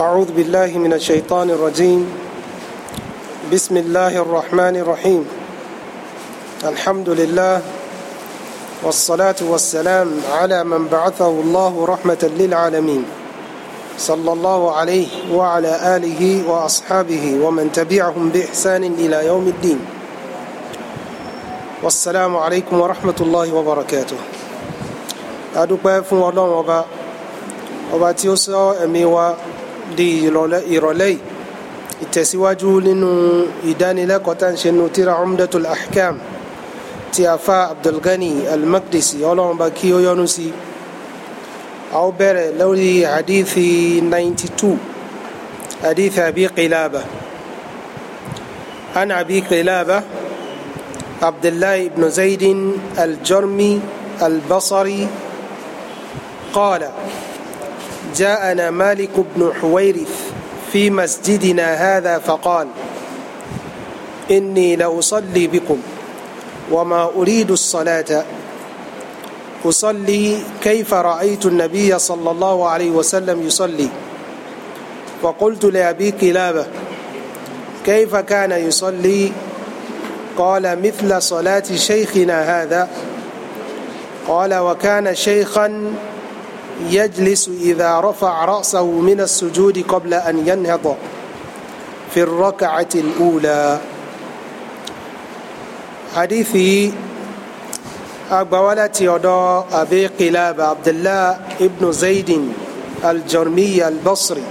أعوذ بالله من الشيطان الرجيم بسم الله الرحمن الرحيم الحمد لله والصلاة والسلام على من بعثه الله رحمة للعالمين صلى الله عليه وعلى آله وأصحابه ومن تبعهم بإحسان إلى يوم الدين والسلام عليكم ورحمة الله وبركاته أدوك بأفن والله وبا وبا تيوسو أمي di ìrọ̀lẹ́ yìí ìtẹ̀síwájú nínú ìdánilẹ́kọ̀ọ́ tá à ń ṣe nu tíra umdatul ahkam ti afa abdulgani almakdisi ọlọ́run bá kí ó yọ́nú sí a ó bẹ̀rẹ̀ lórí hadithi ninety two hadithi abi qilaba an abi abdullahi ibn zaydin aljarmi albasari qala. جاءنا مالك بن حويرث في مسجدنا هذا فقال إني لأصلي بكم وما أريد الصلاة أصلي كيف رأيت النبي صلى الله عليه وسلم يصلي فقلت لأبي كلابة كيف كان يصلي قال مثل صلاة شيخنا هذا قال وكان شيخا يجلس إذا رفع رأسه من السجود قبل أن ينهض في الركعة الأولى حديثي أقبلت يدا أبي قلاب عبد الله ابن زيد الجرمي البصري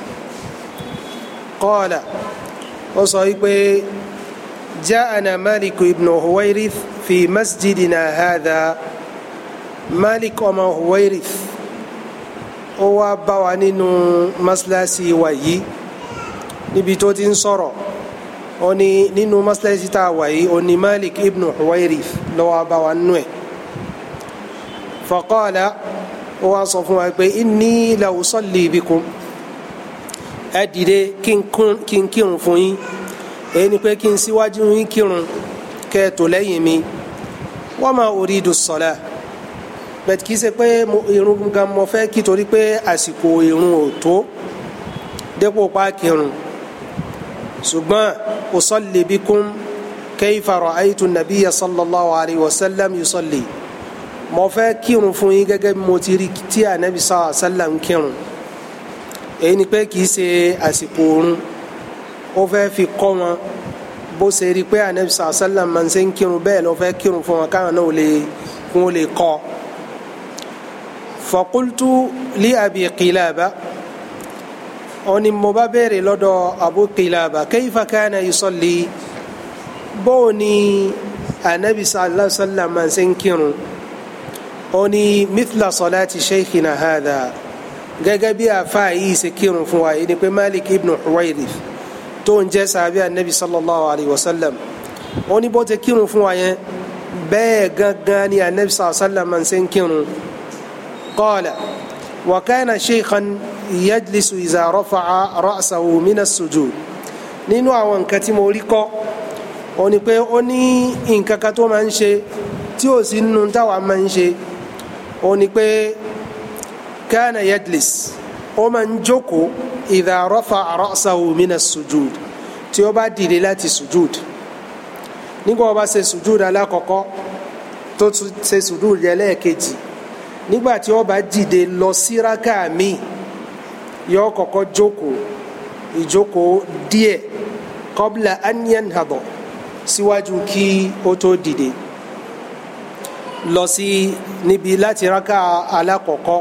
قال وصيبه جاءنا مالك ابن هويرث في مسجدنا هذا مالك أما هويرث ó wá bá wa nínú mọ́sálásí wa yìí níbi tó ti ń sọ̀rọ̀ ó ní nínú mọ́sálásí tá a wà yìí ó ní Malik ibn Huwayrith lọ́wọ́ bá wa nú ẹ̀ faqala ó wá sọ fún wa pé inni la usalli bikum ẹ dìde kí n kírun fún yín èyí ni pé kí n síwájú yín kírun kẹ́ ẹ tò lẹ́yìn mi wa ma uridu salah bẹ́ẹ̀ kì í ṣe pé irun gan mo fẹ́ kí torí pé àsìkò irun ò tó dépò páàkì irun ṣùgbọ́n usalli bikum kayfa ra'aytu nabiyya sallallahu alayhi wa sallam yusalli mo fẹ́ kírun fún yín gẹ́gẹ́ bí mo ti rí tí ànábi sallallahu alayhi wa sallam kírun èyí ni pé kì í ṣe àsìkò oorun ó fẹ́ fi kọ́ wọn bó ṣe rí pé ànábi sallallahu alayhi máa ń ṣe ń kírun bẹ́ẹ̀ ló fẹ́ kírun fún wọn káwọn náà lè kún ó lè kọ́ فقلت لأبي قلابة أن مبابر لدى أبو قلابة كيف كان يصلي بوني النبي صلى الله عليه وسلم من سنكر أني مثل صلاة شيخنا هذا gẹ́gẹ́ bí àáfàá yìí ṣe kírun fún wa yìí ni pé Malik ibn Huwayrith tó ń jẹ́ sàbí anabi sallallahu alayhi wa sallam ó ní bó ti kírun fún wa yẹn bẹ́ẹ̀ gangan ni anabi sallallahu alayhi wa sallam máa قال وكان شيخا يجلس إذا رفع رأسه من السجود nínú àwọn nǹkan tí mo rí kọ́ ọ ni pé ó ní nǹkan kan tó máa ń ṣe tí ò sí nínú táwa máa ń ṣe ó ní pé kana yajlis ó máa ń jókòó idha rafa'a ra'sahu mina sujud tí ó bá dìde láti sujud nígbà ó bá ṣe sujud alákọ̀ọ́kọ́ tó ṣe sujud yẹlẹ́ẹ̀kejì nígbà tí ó bá dìde lọ sí rákà mi yóò kọ́kọ́ jókòó ìjókòó díẹ̀ kọ́bla aniyan habọ̀ síwájú kí ó tó dìde lọ sí níbi láti raka alákọ̀ọ́kọ́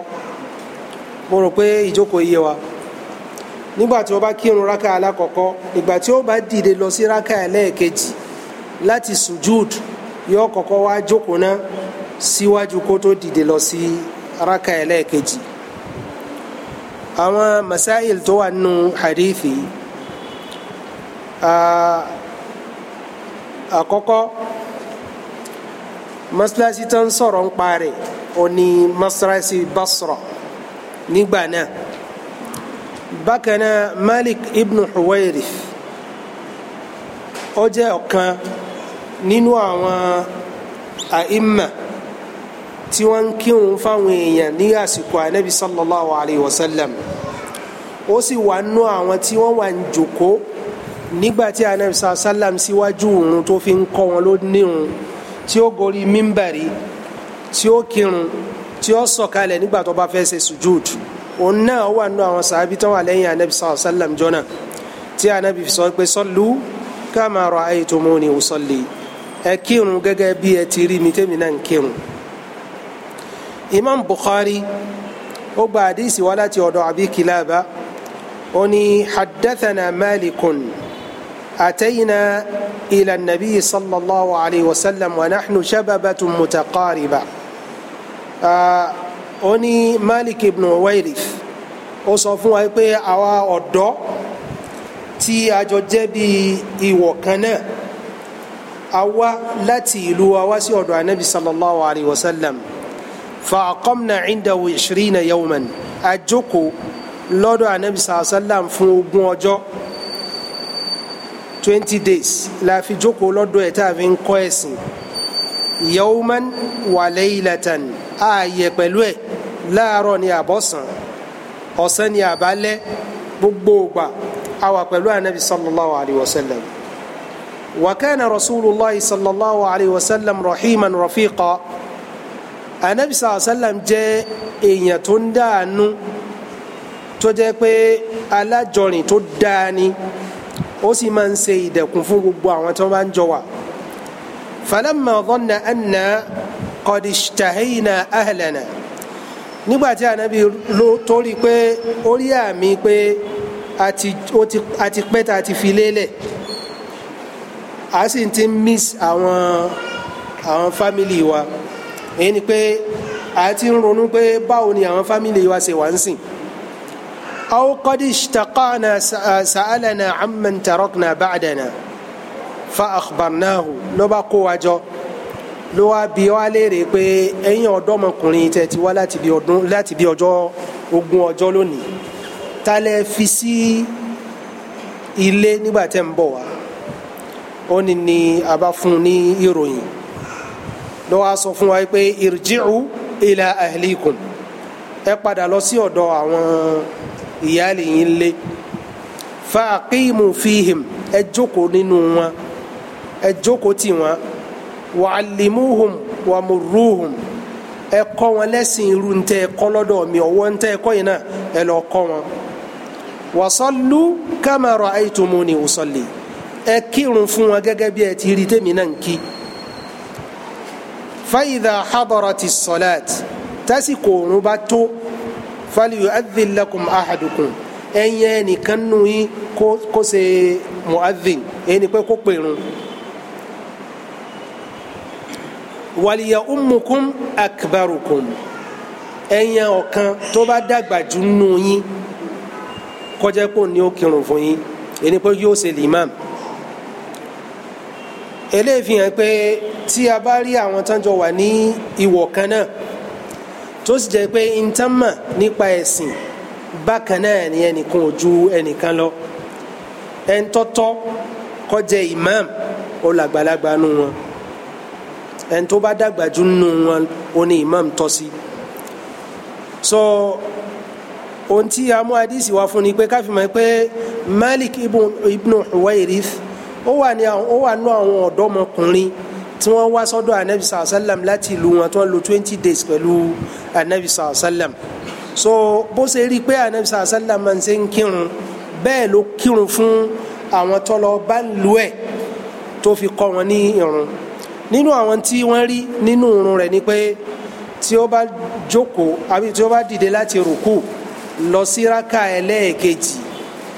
mo rò pé ìjókòó yé wa nígbà tí ó bá kírun rákà alákọ̀ọ́kọ́ nígbà lọ sí rákà ẹlẹ́ẹ̀kejì láti sùjúd yóò kọ́kọ́ wá jókòó náà síwájú kó tó dìde lọ sí raka ẹlẹ́ẹ̀kejì àwọn masáyìl tó wà nínú hadithi àkọ́kọ́ masilasi tó ń sọ̀rọ̀ ń parẹ́ ó ní masilasi Basra nígbà náà bákan náà Malik ibn Huwayrith ó jẹ́ ọ̀kan nínú àwọn àìmọ̀ tí wọ́n ń kírun fáwọn èèyàn ní àsìkò ànábi sallallahu alayhi wa sallam ó sì wà nú àwọn tí wọ́n wà ń jòkó nígbà tí ànábi sallallahu alayhi wa sallam síwájú òun tó fi ń kọ́ wọn ló níhun tí ó gorí mímbàrí tí ó kírun tí ó sọ̀kalẹ̀ nígbà tó bá fẹ́ ṣe sujud òun náà wà nú àwọn sàábí tó wà lẹ́yìn ànábi sallallahu alayhi wa sallam jọ́nà tí ànábi sọ pé sallu kama ra'aytumuni usalli ẹ kírun gẹ́gẹ́ bí ẹ ti rí mi tẹ́mi náà ń kírun imam bukhari ó gba àdìsí wa láti ọ̀dọ̀ abi kilaba ó ní haddathana malikun atayna ila nabi sallallahu alayhi wa sallam wa nahnu shababatun mutaqariba ó ní malik ibn wairith ó sọ fún wa pé àwa ọ̀dọ́ tí a jọ jẹ́ bí ìwọ̀ kan náà a wá láti ìlú wa wá sí ọ̀dọ̀ anabi sallallahu alayhi wa sallam fàákọ́mnà ìdáwó ìṣirínà yawman àjòkó lọ́dọ̀ anabi sàlám fún ogún ọjọ́ twenty days la fi jókòó lọ́dọ̀ ẹ̀ tá a fi ń kọ́ ẹ̀sìn yawman wa laylatan ààyè pẹ̀lú ẹ̀ láàárọ̀ ni àbọ̀sán ọ̀sán ni àbálẹ́ gbogbo ògbà a wà pẹ̀lú anabi sallallahu alayhi wa sallam wa kana rasulillah sallallahu alayhi wa sallam rahiman rafiqa anabi sàlá sàlám jẹ́ èèyàn tó ń dáanu tó jẹ́ pé alájọrin tó dáa ni ó sì máa ń ṣe ìdẹ̀kùn fún gbogbo àwọn tó máa ń jọ wà. falamma dhanna anna qad ishtahayna ahlana nígbà tí anabi ló torí pé ó rí àmì pé àti pẹ́ tá ti fi lélẹ̀ a sì ti miss àwọn àwọn fámìlì wa èyí ni pé àti ń ronú pé báwo ni àwọn fámìlì wa ṣe wà ń sìn. aw qad ishtaqana sa'alana amman tarakna ba'dana fa akhbarnahu ló bá kó wa jọ ló wá bi wá léèrè pé ẹ̀yin ọ̀dọ́mọkùnrin tẹ́ ti wá láti bí ọjọ́ ogún ọjọ́ lónìí ta lẹ fi sí ilé nígbà tẹ́ ń bọ̀ wá ó ní ni a bá fún un ní ìròyìn. ló wá sọ fún wa irji'u ila ahlikum ẹ padà lọ sí ọ̀dọ̀ àwọn yín lé fàákìmù fíhìm ẹ jókòó nínú wọn ẹ jókòó tì wọn wàhálìmùhùm wàmùrùhùm ẹ kọ́ wọn irú ntẹ mi ọwọ́ ntẹ ẹ yìí náà ẹ lọ kọ́ wọn kamara usalli ẹ kírun fún wọn gẹ́gẹ́ bí ẹ ti rí tèmi náà ń فإذا حضرت الصلاة تسكو نباتو فليؤذن لكم أحدكم ẹyin ẹnìkan nù yín kó ṣe mu'adhin ẹni pé kó pèrún wàlìyà umukum akbarukum ẹyin ọ̀kan tó bá dàgbà jù nù yín kọjá pò ní ó kírun fún yín ẹni pé yóò ṣe limam eléyìí fi hàn pé tí a bá rí àwọn tán jọ wà ní ìwọ̀ kan náà tó sì jẹ́ pé ntánmà nípa ẹ̀sìn bákan náà ni ẹnìkan ò ju ẹnìkan lọ ẹntọ́tọ́ kó jẹ́ imam ó làgbàlagbà nù wọn ẹni tó bá dàgbà jù nù wọn ó imam tọ́ sí so ohun tí a mú hadisi wá fún ni pé káfíńmọ́ pé Malik ibn, ibn Huwairith ó wà ní ó wà nú àwọn ọ̀dọ́mọkùnrin tí wọ́n wá sọ́dọ̀ anabi sàlá sàlám láti ìlú wọn tí wọ́n lò twenty days pẹ̀lú anabi sàlá sàlám so bó ṣe rí i pé anabi sàlá sàlám máa ń ṣe ń kírun bẹ́ẹ̀ ló kírun fún àwọn tọ́lọ bá ń lu ẹ̀ tó fi kọ́ wọn ní irun nínú àwọn tí wọ́n rí nínú irun rẹ̀ ni pé tí ó bá jókòó àbí tí ó bá dìde láti rùkú lọ sí rákà ẹlẹ́ẹ̀kejì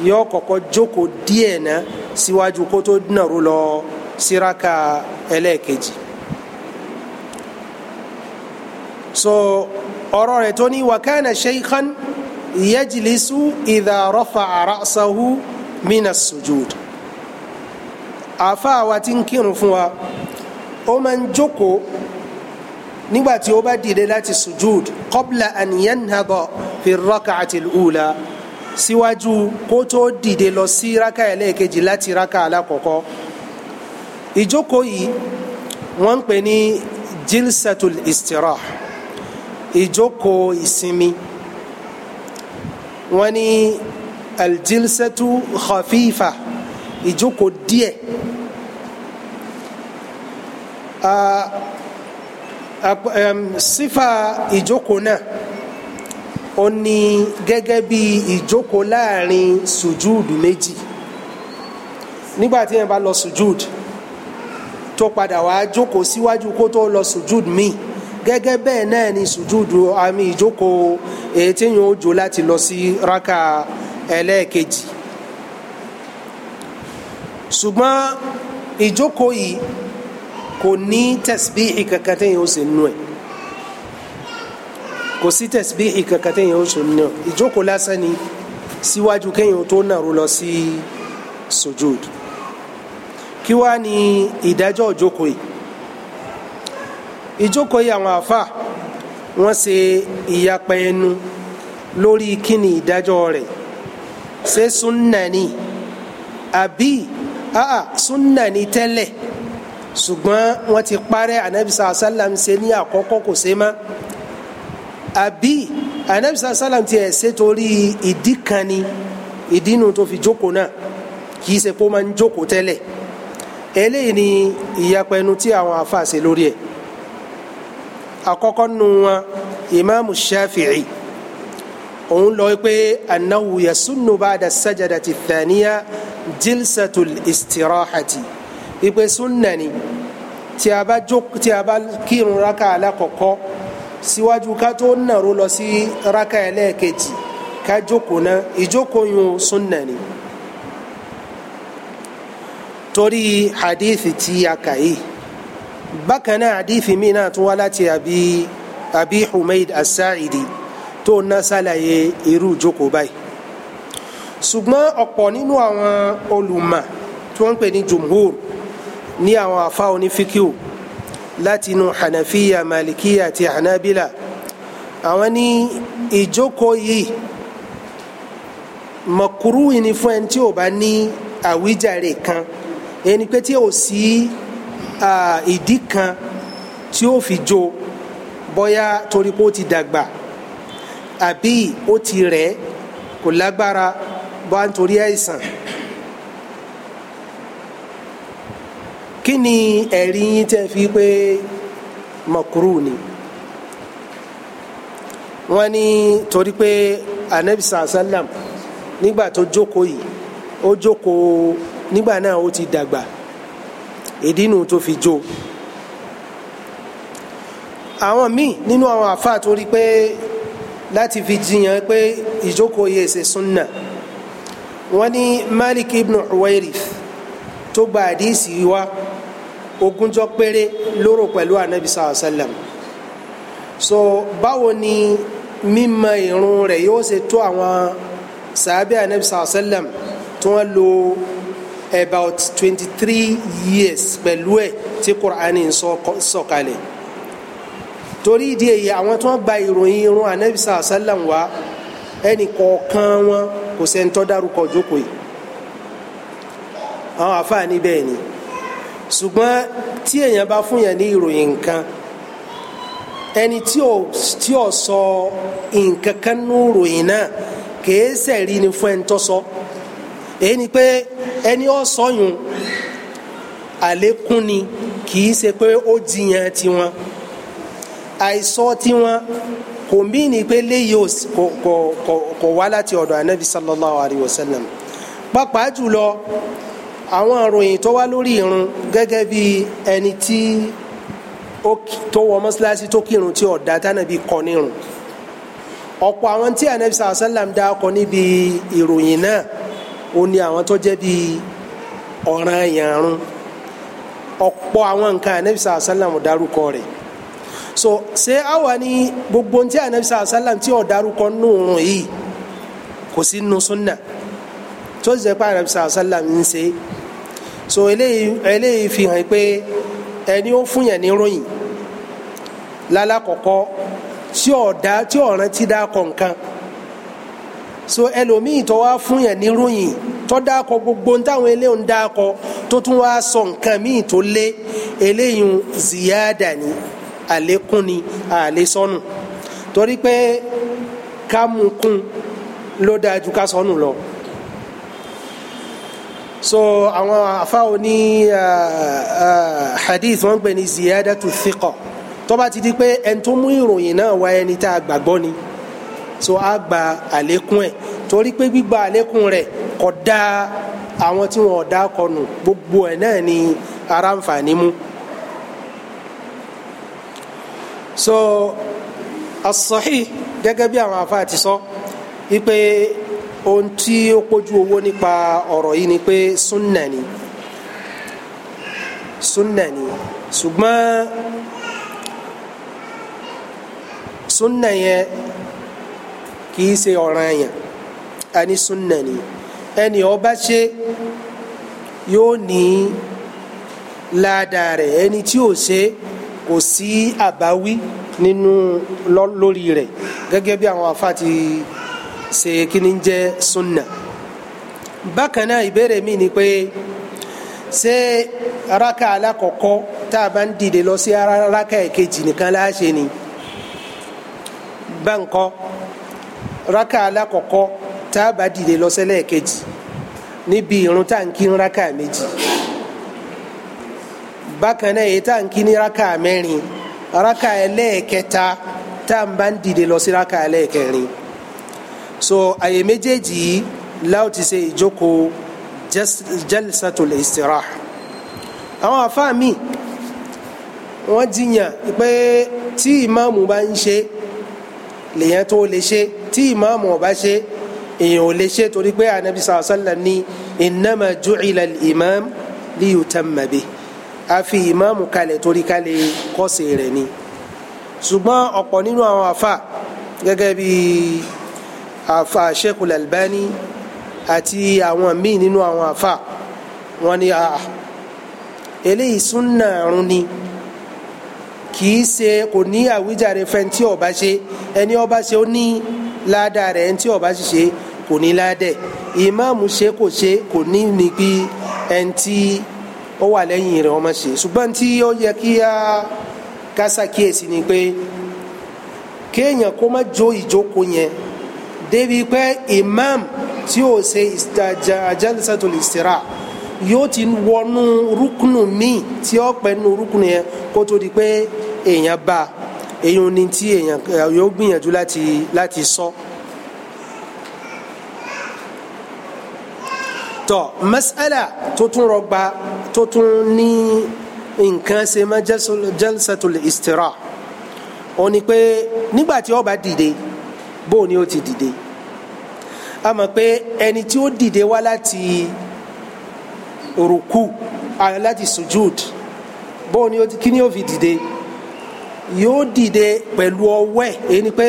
yóò kọ́kọ́ jókòó díẹ̀ náà síwájú kó tó dínàrú lọ síraka so ọ̀rọ̀ rẹ̀ tó ní wakana sheikhan yajlisu idha rafa'a ra'sahu mina sujud àfa wa ti ń kírun fún wa ó máa ń jókòó nígbà tí ó bá dìde láti sujud an yanhada fi raka'ati ula síwájú kó tó dìde lọ sí raka ẹlẹ́ẹ̀kejì láti raka alákọ̀ọ́kọ́ ìjókòó yìí wọ́n ń pè ní jilsatul istirah ìjókòó ìsinmi wọ́n ní aljilsatu khafifa ìjókòó díẹ̀ ah, sífà ìjókòó náà ó ní gẹ́gẹ́ bí ìjókòó láàrin sùjúùdù méjì nígbà tí yẹn bá lọ sùjúùdù tó padà wá jókòó síwájú kó tó lọ sùjúùdù míì gẹ́gẹ́ bẹ́ẹ̀ náà ni sùjúùdù àmì ìjókòó èyí tí yẹn ó jò láti lọ sí rákà ẹlẹ́ẹ̀kejì ṣùgbọ́n ìjókòó yìí kò ní tẹ̀síbí ìkankan tí ó ṣe nú ẹ̀ kò sí tẹ̀síbíhì kankan téèyàn ó sùn náà ìjókòó lásán ni síwájú kéèyàn tó nàró lọ sí sojúd kí wá ní ìdájọ́ ìjókòó yìí ìjókòó yìí àwọn àfa wọ́n ṣe ìyapa ẹnu lórí kíni ìdájọ́ rẹ̀ ṣé sunnani ni àbí àà súnà ni tẹ́lẹ̀ ṣùgbọ́n wọ́n ti parẹ́ anabi sàlám ṣe ní àkọ́kọ́ kò ṣe mọ́ àbí anabi sàlá sàlám tiẹ̀ ṣe torí ìdí kan ni ìdí nu tó fi jókòó náà kì í ṣe pé ó máa ń jókòó tẹ́lẹ̀ eléyìí ni ìyapẹnu tí àwọn afa ṣe lórí ẹ̀ àkọ́kọ́ nu wọn imaamu shafi'i òun lọ pé anahu yasunnu baada sajadati thaniya jilsatul istirahati ipe sunnani tí a bá kírun raka alákọ̀ọ́kọ́ síwájú ká tó nàró lọ sí raka ẹlẹ́ẹ̀kejì ká jókòó ná ìjókòó yun sunna ni torí hadith tí a kà yìí bákan náà mi na tún wá láti àbí àbí Humaid As-Sa'idi tó ná sálàyé irú ìjókòó báyìí ṣùgbọ́n ọ̀pọ̀ nínú àwọn olùmọ̀ tí wọ́n ń pè jumhur ní àwọn àfa onífíkìú láti inú hanafiya malikiya àti hanabila àwọn ní ìjókòó yìí mọ̀kúrú ni fún ẹni tí ò bá ní àwíjàre kan ẹni pé tí ò sí ìdí kan tí ó fi jó bóyá torí pé ó ti dàgbà àbí ó ti rẹ̀ kò lágbára bá ń torí àìsàn. kí ni ẹ̀rí yín tẹ́ fi pé makuru ni wọ́n ní torí pé anabi sàlám nígbà tó jókòó yìí ó jókòó nígbà náà ó ti dàgbà ìdínú tó fi jó àwọn míì nínú àwọn àfáà tó pé láti fi jiyàn pé ìjókòó yìí ṣe súnà wọ́n ní malik ibn uwairith tó gba àdìsí wa ogúnjọ́ péré lóró pẹ̀lú anabi sallallahu alayhi wa sallam so báwo ni mímọ ìrun rẹ̀ yóò ṣe tó àwọn sàábẹ́ anabi sallallahu alayhi wa sallam lo about twenty three years pẹ̀lú ẹ̀ tí qur'ani sọ̀kalẹ̀ torí ìdí èyí àwọn tí wọ́n gba ìròyìn ìrun anabi sallallahu alayhi wa sallam wá ẹnì kọ̀ọ̀kan wọn kò sẹ́ni tó dárúkọ jókòó yìí àwọn àfáà bẹ́ẹ̀ ni. Bẹ́ẹ̀ni ṣùgbọ́n tí èèyàn bá fún yẹn ní ìròyìn nǹkan ẹni tí ò tí ò sọ nǹkan kan ní ìròyìn náà kìí sẹ̀rí ni fún ẹni tó sọ èyí ni pé ẹni ó sọyún àlékún ni kìí ṣe pé ó jiyàn tiwọn àìsọ tiwọn kò mí ni pé léyìí kò kò kò wá láti ọ̀dọ̀ anabi sallallahu alayhi wa sallam pàápàá jùlọ àwọn ìròyìn tó wá lórí irun gẹ́gẹ́ bí ẹni tí tó wọ mọ́ṣáláṣí tó kírun tí ọ̀dà tánàbí kọ nírun ọ̀pọ̀ àwọn tí anabi sàlá sàlám dá ọkọ níbi ìròyìn náà ó ní àwọn tó jẹ́ bí ọ̀ràn yàrún ọ̀pọ̀ àwọn nǹkan anabi sàlá sàlám dárúkọ rẹ̀ so ṣé àwa ni gbogbo tí anabi sàlá sàlám tí ó dárúkọ nù rùn yìí kò sí nù súnà tó ṣe pé anabi sàlá sàlám ń ṣe é so eléyìí eléyìí fi hàn pé ẹni ó fún yẹn ní ròyìn lálàkọ̀kọ́ tí ọ̀dá tí ọ̀ràn ti dá kọ̀ nǹkan so ẹlòmíì tó wá fún yẹn ní ròyìn tó dá kọ gbogbo ní táwọn eléyìí ń dá kọ tó tún wá sọ nǹkan míì tó lé eléyìí ziyada ni àlékún ni àlésọnù torí pé ká mú kún ló dáa ju ká sọnù lọ. So, so àwọn afáwo ní hadith wọ́n pè ní ziyadatu thiqa tó bá ti di pé ẹni mú ìròyìn náà wá ẹni tá a gbàgbọ́ ni so a gba àlékún ẹ̀ torí pé gbígba àlékún rẹ̀ kò dá àwọn tí wọn ò dá kọnù gbogbo ẹ̀ náà ni ara ń fà ní mú. so as-sahih gẹ́gẹ́ bí àwọn afa ti sọ wípé. So, ohun tí ó pójú owó nípa ọ̀rọ̀ yìí ni pé sunna ni sunna ni ṣùgbọ́n sunna yẹn kì í ṣe ọ̀ranyàn ani sunna ni ẹni ó bá ṣe yóò ní ládàá rẹ̀ ẹni tí ò ṣe kò sí àbáwí nínú lórí rẹ̀ gẹ́gẹ́ bí àwọn afa ti ṣe kíni jẹ́ sunna bákan náà ìbéèrè mi ni pé ṣé raka alákọ̀ọ́kọ́ tá a bá ń dìde lọ sí raka ẹ̀kejì nìkan láṣẹ ni báńkọ́ raka alákọ̀ọ́kọ́ tá a bá dìde lọ sẹ́lẹ̀ ẹ̀kejì níbi irun tá à ń kí raka méjì bákan náà tá à ń kí ní raka mẹ́rin raka ẹlẹ́ẹ̀kẹta tá a bá ń dìde lọ sí raka ẹlẹ́ẹ̀kẹrin so àyè méjèèjì yìí láò ti ṣe ìjókòó jalsatul istirah àwọn àfáà mi wọ́n jiyàn pé tí ìmáàmù bá ń ṣe lèyàn tó lè ṣe tí ìmáàmù ò bá ṣe èèyàn ò lè ṣe torí pé anabi sàlọ́sàlà ní innama ju'ila al-imam liyutamma bih a fi ìmáàmù kalẹ̀ torí kalẹ̀ kọ́sẹ̀ rẹ̀ ni ṣùgbọ́n ọ̀pọ̀ nínú àwọn àfáà gẹ́gẹ́ bíi afa Sheikhul Albani àti àwọn míì nínú àwọn afa wọn ni a eléyìí súnà àrùn ni kì í ṣe kò ní àwíjàre fẹ́ni tí ó bá ṣe ẹni ó bá ṣe ó ní ládàá rẹ̀ ẹni tí ó bá sì ṣe kò ní ládẹ̀ ìmáàmù ṣe kò ṣe kò ní ní bí ẹni tí ó wà lẹ́yìn rẹ̀ ọmọ ṣe ṣùgbọ́n tí ó yẹ kí a kásàkíyèsí ni pé kéèyàn kó má jó ìjókòó yẹn débi pé imam tí ó ṣe jalsatul istira yóò ti wọnú rúkúnù míì tí ó pẹ́ nu rúkúnù yẹn kó tó di pé èèyàn bá èèyàn ní tí èèyàn yóò gbìyànjú láti sọ. tọ mas'ala tó tún rọgba tó tún ní nǹkan ṣe má jalsatul istira ó ní pé nígbà tí ó dìde bó ni ó ti dìde a mọ̀ pé ẹni tí ó dìde wá láti ruku láti sujud bóun ni ó ti kí ni ó fi dìde yóò dìde pẹ̀lú ọwọ́ ẹ̀ ni pé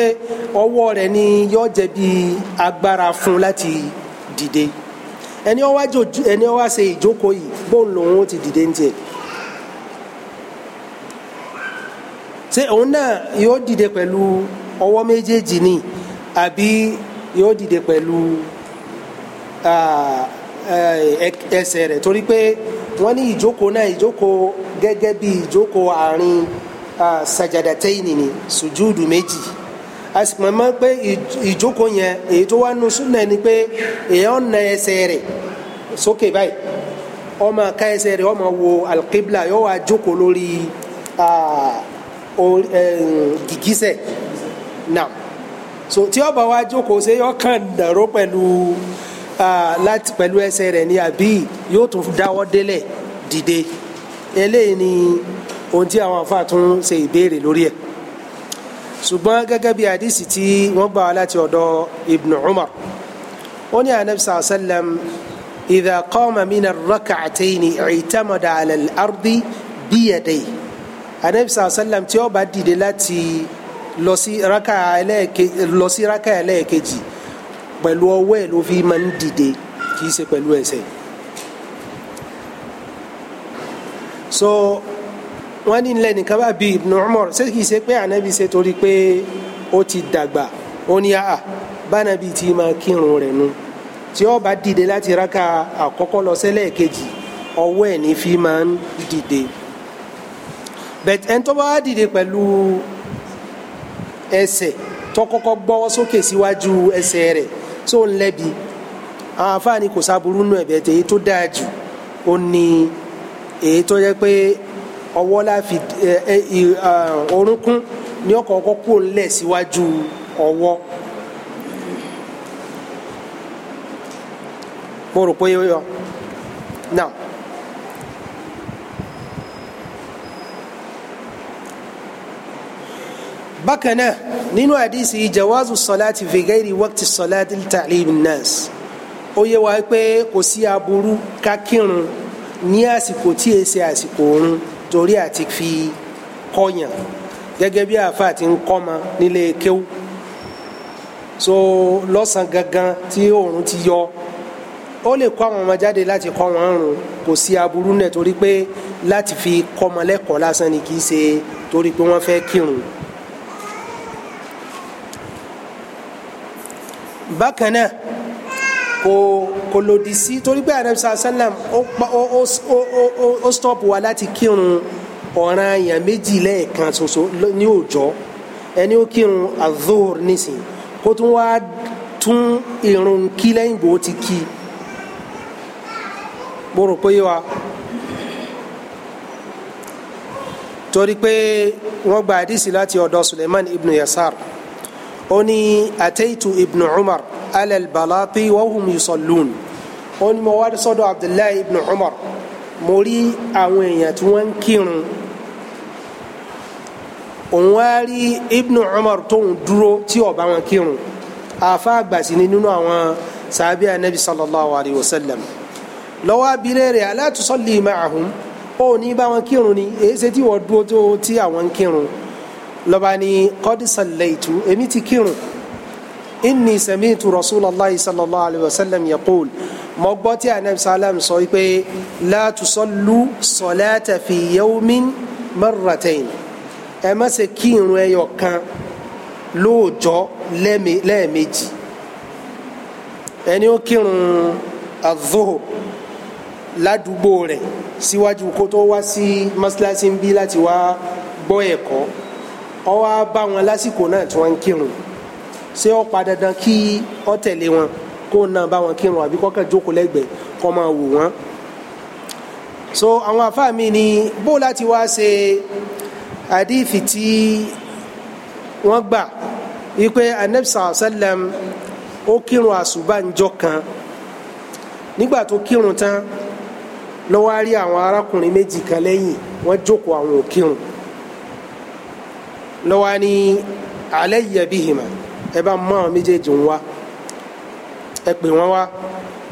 ọwọ́ rẹ̀ ni yóò jẹ́ bí agbára fún láti dìde ẹni ó wá jò ẹni ó wá ṣe ìjókòó yìí bóun lòun ó ti dìde ní tiẹ̀. ṣé òun náà yóò dìde pẹ̀lú ọwọ́ méjèèjì ni àbí yóò dìde pẹ̀lú ẹsẹ̀ rẹ̀ torí pé wọ́n ní ìjókòó náà ìjókòó gẹ́gẹ́ bí ìjókòó àárín sàjàdàtẹ́yìn ni sùjúùdù méjì a sì mọ̀ mọ́ pé ìjókòó yẹn èyí tó wá nu súnà ni pé èèyàn na ẹsẹ̀ rẹ̀ sókè báyìí ọmọ ká ẹsẹ̀ rẹ̀ ọmọ wo alqibla yóò wá jókòó lórí gìgísẹ̀ náà. so tí ọba wa jókòó ṣe yọ kàn dàró pẹ̀lú láti pẹ̀lú ẹsẹ̀ rẹ̀ ní àbí yóò tún dáwọ́ délẹ̀ dìde eléyìí ni ohun tí àwọn afa tún ṣe ìbéèrè lórí ẹ̀ ṣùgbọ́n gẹ́gẹ́ bí àdìsí tí wọ́n gbà wá láti ọ̀dọ̀ ibn umar ó ní anabi sàlẹm idha qama mina rak'atayni i'tamada ala al-ardi biyadayhi anabi sàlẹm tí ó dìde láti lọ sí raka ẹlẹ́ẹ̀kejì pẹ̀lú ọwọ́ ẹ̀ ló fi máa ń dìde kì í ṣe pẹ̀lú ẹsẹ̀ so wọ́n ní ilẹ̀ nìkan bá bí Ibn Umar ṣé kìí ṣe pé ànábì ṣe torí pé ó ti dàgbà ó ní àà bánábì ti máa kírun rẹ̀ nu tí ó bá dìde láti raka àkọ́kọ́ lọ sẹ́lẹ̀ kejì ọwọ́ ẹ̀ ní fi máa ń dìde bẹ̀t ẹni tó bá dìde pẹ̀lú ẹsẹ̀ tó kọ́kọ́ gbọ́wọ́ sókè síwájú ẹsẹ̀ rẹ̀ tó ń lẹ́bi àwọn afáàní kò sábúrú nù ẹ̀bẹ̀ tèyí tó dáa jù ó ní èyí tó yẹ pé ọwọ́ la fi ní ọkọ̀ ọkọ̀ kúrò síwájú ọwọ́. mo rò pé yóò yọ náà. bákan náà nínú àdìsí jawazu sọláàtì fi ghairi waqti sọláàtì ta'lim an-nas ó yẹ wá pé kò sí aburú ká kírun ní àsìkò tí e ṣe àsìkò oorun torí àti fi kọyàn gẹ́gẹ́ bí àáfàá ti ń kọ́mọ nílé kéwú so lọ́sàn gangan tí oorun ti yọ ó lè kọ́ àwọn ọmọ jáde láti kọ́ wọn rùn kò sí aburú náà torí pé láti fi kọ́mọ lẹ́kọ̀ọ́ lásán ni kì í ṣe torí pé wọ́n fẹ́ kírun. bákan náà kò kò lòdì sí torí pé àrẹ sàlám ó ó ó ó stop wa láti kírun ọ̀ràn èèyàn méjì lẹ́ẹ̀kan ṣoṣo ní òòjọ́ ẹni ó kírun azor nísìn kó tún wá tún irun kí lẹ́yìn bó ti kí bó rò pé wa torí pé wọ́n gba àdìsí láti ọ̀dọ̀ Suleiman ibn Yasar ó ní ataitu ibn umar alal balati wahum yusallun ó ní mo wá sọ́dọ̀ abdullahi ibn umar mo rí àwọn èèyàn tí wọ́n ń kírun òun wá rí ibn umar tóun dúró tí ó bá wọn kírun àfa àgbàsí ni nínú àwọn sàbíà nabi sallallahu alayhi wa sallam lọ́wọ́ abilé rẹ̀ ala tusalli ma'ahum ó ní bá wọn kírun ni èyí ṣe tí wọ́n dúró tí àwọn ń kírun lọ́ba ni kọ́dísàlẹ̀tù èmi ti kírun inni sami'tu rasulallah sallallahu alayhi wa sallam yaqul mo gbọ́ tí anabi salam sọ pé la tusallu salata fi yawmin marratain ẹ má ṣe kírun ẹyọ kan lóòjọ́ lẹ́ẹ̀mejì ẹni ó kírun azuhur ládùúgbò rẹ̀ síwájú kó tó wá sí mọ́sálásí ń bí láti wá gbọ́ ẹ̀kọ́ ó wá bá wọn lásìkò náà tí wọ́n ń kírun ṣé ó pa dandan kí ó tẹ̀lé wọn kó náà bá wọn kírun àbí kó jókòó lẹ́gbẹ̀ẹ́ kó máa wò wọ́n so àwọn àfáà mi ni bó láti wá ṣe àdífì tí wọ́n gbà wípé anabi sàlẹm ó kírun àṣùbàǹjọ kan nígbà tó kírun tán ló wá rí àwọn arákùnrin méjì kan lẹ́yìn wọ́n jókòó àwọn ò kírun lọ́wọ́ ni alayya bihima ẹ bá mú àwọn méjèèjì ń wá ẹ pè wọ́n wá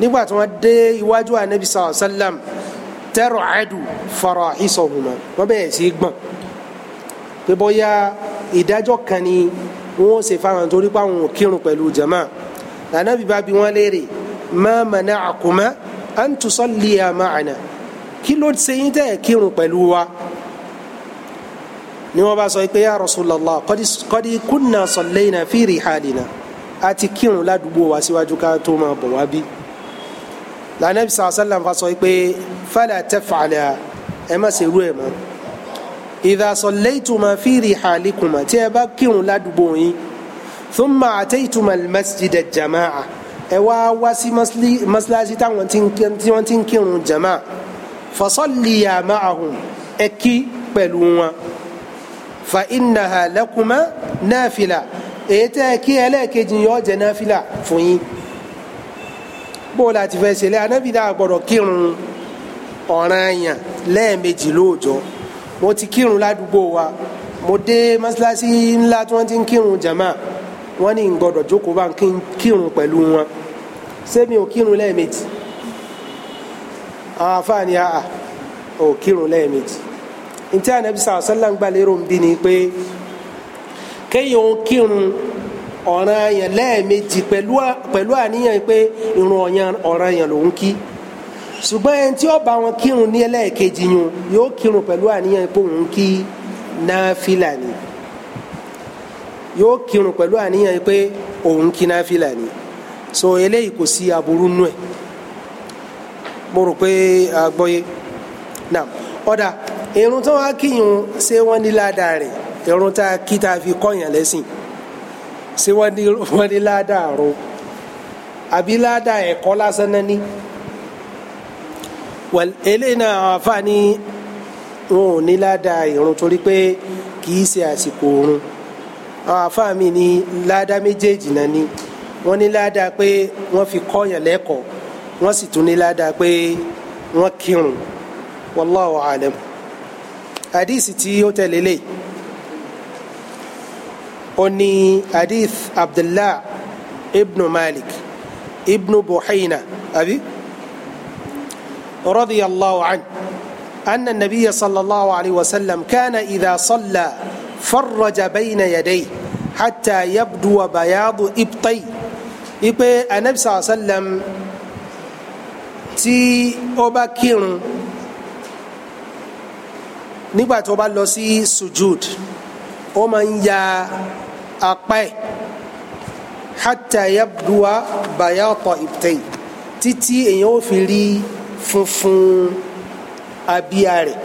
nígbà tí wọ́n dé iwájú anabi sallallahu alayhi wa sallam tar'adu farahisuhuma wọ́n bẹ̀rẹ̀ sí gbọ̀n pé bóyá ìdájọ́ kan ni wọ́n ṣe fáwọn torí pé àwọn ò kírun pẹ̀lú jama anabi bá bi wọ́n léèrè ma mana'akuma an tusalliya ma'ana kí ló ṣe yín tẹ́ ẹ̀ kírun pẹ̀lú wa ni wọ́n bá sọ pé ya Rasulullah qad kunna sallayna fi rihalina a ti kírun ládùúgbò wa síwájú ká tó máa bọ̀ wá bí. lànàbí sàlám fa sọ pé fala taf'ala ẹ má ṣe rú ẹ̀ mọ́. idha sallaytuma fi rihalikuma tí ẹ bá kírun ládùúgbò yín thumma ataytuma al-masjida jama'a ẹ wá wá sí mọ́sálásí táwọn tí wọ́n ti ń kírun jama'a fasalliya ma'ahum ẹ kí pẹ̀lú wọn. فإنها لكما نافلة èyítẹ́ kí ẹlẹ́ẹ̀kejì yọ jẹ fún yín bó la ti fẹ́ ṣe lé anábìlà gbọ́dọ̀ kírun ọ̀ranyàn lẹ́ẹ̀mejì lóòjọ́ mo ti kírun ládùúgbò wa mo dé mọ́ṣáláṣí ńlá tí wọ́n ti ń kírun jàmá wọ́n ní gbọ́dọ̀ jókòó bá ń kírun pẹ̀lú wọn ṣé ò kírun lẹ́ẹ̀mejì àwọn afáàní àà ò kírun ntí anabi sàlọ́ sàlám gbà lérò ń bí ni pé kéèyàn kírun ọ̀ràn yẹn lẹ́ẹ̀mejì pẹ̀lú àníyàn pé irun ọ̀ràn yẹn lòún kí ṣùgbọ́n ẹni tí ó bá wọn kírun ní ẹlẹ́ẹ̀kejì yun yóò kírun pẹ̀lú àníyàn pé òun kí náfìlà ni yóò kírun pẹ̀lú àníyàn pé òun kí náfìlà ni so eléyìí kò sí aburú nù ẹ̀ mo rò pé a gbọ́ yé ọ̀dà irun tó wá kíyun ṣé wọ́n ní ládàá rẹ̀ irun tá a kí tá a fi kọ́yàn lẹ́sìn ṣé wọ́n ní ládàá ro àbí ládàá ẹ̀kọ́ lásán náà ní eléyìí náà àwọn afáàní wọn ò ní ládàá irun torí pé kì í ṣe àsìkò oorun àwọn afáàmì ní ládàá méjèèjì náà ní wọ́n ní ládàá pé wọ́n fi kọ́yàn lẹ́kọ̀ọ́ wọ́n sì tún ní ládàá pé wọ́n kírun wallahu alam hadith tí ó tẹ̀lé lé ó ní hadith abdullah ibn malik ibn buhayna abi radiyallahu anhu anna nabiyya sallallahu alayhi wa sallam kana idha salla farraja bayna yadayhi hatta yabdu bayadu ibtai ipe anabi sallam tí ó bá kírun nígbà tó bá lọ sí sujud ó máa ń ya apá ẹ̀ hatta yabduwa bayata ibtay títí èèyàn ó fi rí funfun abíyá rẹ̀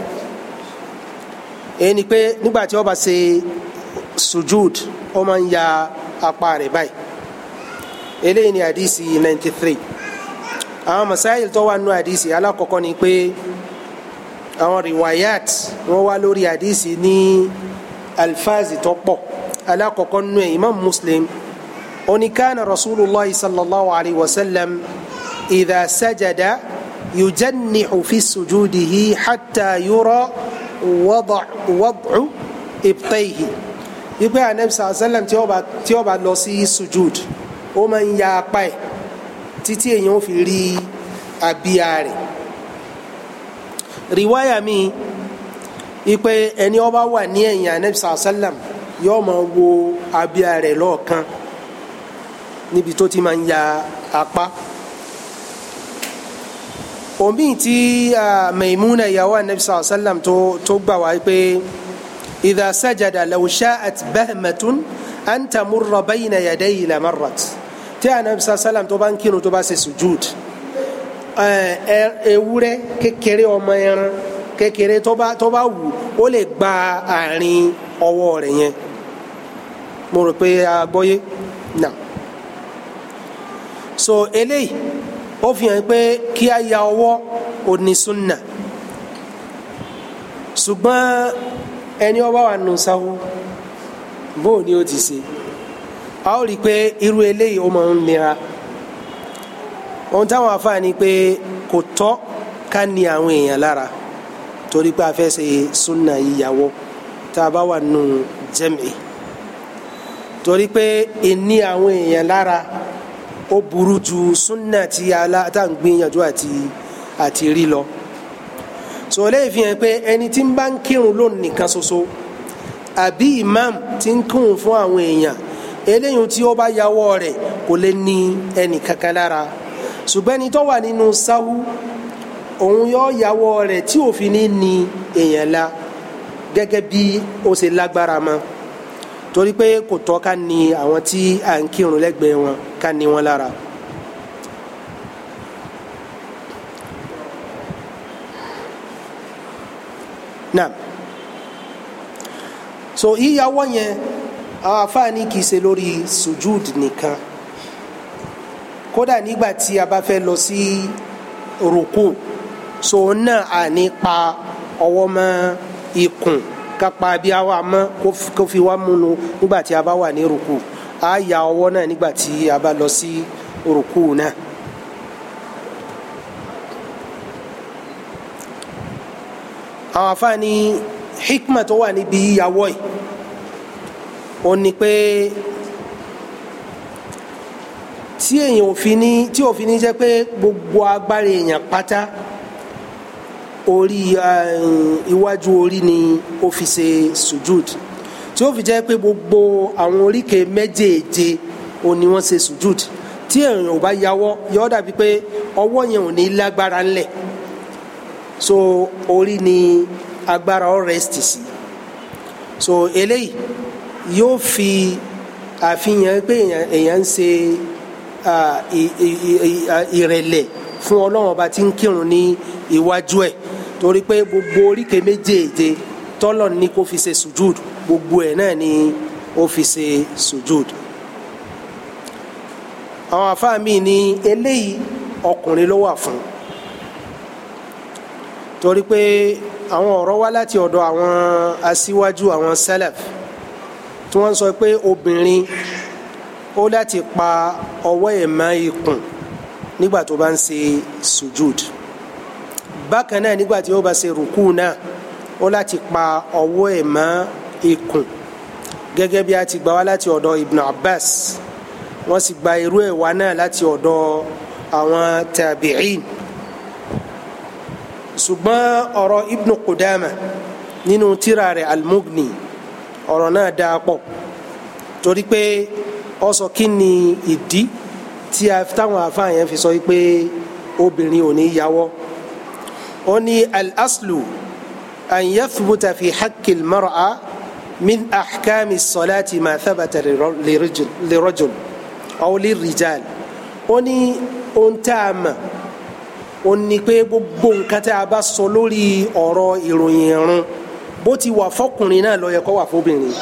èyí ni pé nígbà tí ó bá ṣe sujud ó máa ń ya apá rẹ̀ báyìí eléyìí ni àdìsí ninety three àwọn masáyìí tó wà nínú àdìsí alákọ̀ọ́kọ́ ni pé àwọn riwayat wọ́n wá lórí hadisi ní alfazi tó pọ̀ alákọ̀ọ́kọ́ nù ẹ̀ imam muslim oníkànnà rasulillah sallallahu alayhi wa sallam idha sajada yujannihu fi sujudihi hatta yura wad'u ibtayhi wípé anabi sàlẹm tí ó bá lọ sí sujud ó máa ń ya apá ẹ̀ títí fi rí abíyá riwaya mi ipe ẹni ọba wà ní ẹ̀yìn anabi sàlám yóò máa wo abíyá rẹ̀ lọ́ọ̀kan níbi tó ti máa ń ya apá omi tí Maimuna ìyàwó anabi sàlám tó gbà wá pé idha sajada law sha'at bahmatun an tamurra bayna yadayhi lamarrat tí anabi sàlám tó bá ń kírun tó bá ṣe sujúd. Eh, er, ewúrẹ́ kékeré ọmọ ẹran kékeré tó bá wù gba àárín ọwọ́ rẹ̀ yẹn mo rò pé a gbọ́yé so eléyìí ó fi hàn pé kí a ya ọwọ́ òní ṣùgbọ́n ẹni ọba wà nù sáwó bóò ni a ó rí i pé irú eléyìí ó ohun táwọn afa ni pé kò tọ́ ká ní àwọn èèyàn lára torí pé a fẹ́ ṣe sunna ìyàwó tá a bá wà nù jẹ́mi torí pé ìní àwọn èèyàn lára ó burú ju sunna ti ala tá à ń gbìyànjú àti àti rí lọ so eléyìí fi hàn pé ẹni tí ń bá ń kírun lónìí nìkan ṣoṣo àbí imam tí ń kírun fún àwọn èèyàn eléyìí tí ó bá yàwó rẹ̀ kò lè ní ẹnì kankan lára ṣùgbọ́n ẹni tó wà nínú sáwú òun yọ yàwọ́ rẹ̀ tí òfin ní ni èèyàn la gẹ́gẹ́ bí ó ṣe lágbára mọ́ torí pé kò tọ́ ká ní àwọn tí à ń kírun lẹ́gbẹ̀ẹ́ wọn ká ní wọn lára. naam so yíyàwó yẹn àwọn afáàní kì í ṣe lórí sujud nìkan kódà nígbà tí a bá fẹ́ lọ sí rúkú so náà à ní pa ọwọ́ mọ́ ikùn kápá bí a wà mọ́ kó fi wá múnu nígbà tí a bá wà ní rúkú a yà ọwọ́ náà nígbà tí a bá lọ sí rúkú náà. àwọn afáàní hikma tó wà níbi ìyàwó yìí ó ní pé tí èèyàn ò fi ní tí ò fi ní jẹ́ pé gbogbo agbára èèyàn pátá orí eh, iwájú orí ni ó fi ṣe sujud tí ó fi jẹ́ pé gbogbo àwọn oríkèé méjèèje ò ní wọ́n ṣe sujud tí èèyàn ò bá yáwọ́ yọ dàbí pé ọwọ́ yẹn ò ní lágbára ńlẹ̀ so orí ni agbára ọ rẹ́sítì sí so eléyìí yóò fi àfihàn pé èèyàn ń ṣe ìrẹ̀lẹ̀ fún ọlọ́run ọba tí ń kírun ní iwájú ẹ̀ torí pé gbogbo oríkèé méjèèje tọ́lọ̀ ní kó fi ṣe sùjúd gbogbo ẹ̀ náà ni ó fi ṣe sùjúd. àwọn àfáà mi ní eléyìí ọkùnrin ló wà fún torí pé àwọn ọ̀rọ̀ wá láti ọ̀dọ̀ àwọn aṣíwájú àwọn sálàf tí wọ́n sọ pé obìnrin ó láti pa ọwọ́ ẹ̀ mọ́ ikùn nígbà tó bá ń ṣe sujud bákan náà nígbà tí ó bá ṣe rùkú náà ó láti pa ọwọ́ ẹ̀ mọ́ ikùn gẹ́gẹ́ bí a ti gbà wá láti ọ̀dọ̀ Ibn Abbas wọ́n sì gba irú ẹ̀ náà láti ọ̀dọ̀ àwọn tabi'in ṣùgbọ́n ọ̀rọ̀ Ibn Qudama nínú tírà rẹ̀ al ọ̀rọ̀ náà dáa pọ̀ torí pé ó sọ kí ni ìdí tí táwọn àfáà yẹn fi sọ pé obìnrin ò ní yàwọ́ ó ní al-aslu an yathbuta fi haqqi al-mar'a min ahkami as-salati ma thabata lirajul aw lirijal ó ní ohun tá a mọ̀ ó ní pé gbogbo nǹkan tá a bá sọ lórí ọ̀rọ̀ ìròyìn ìrun bó ti wà fọkùnrin náà ló yẹ kó wà fóbìnrin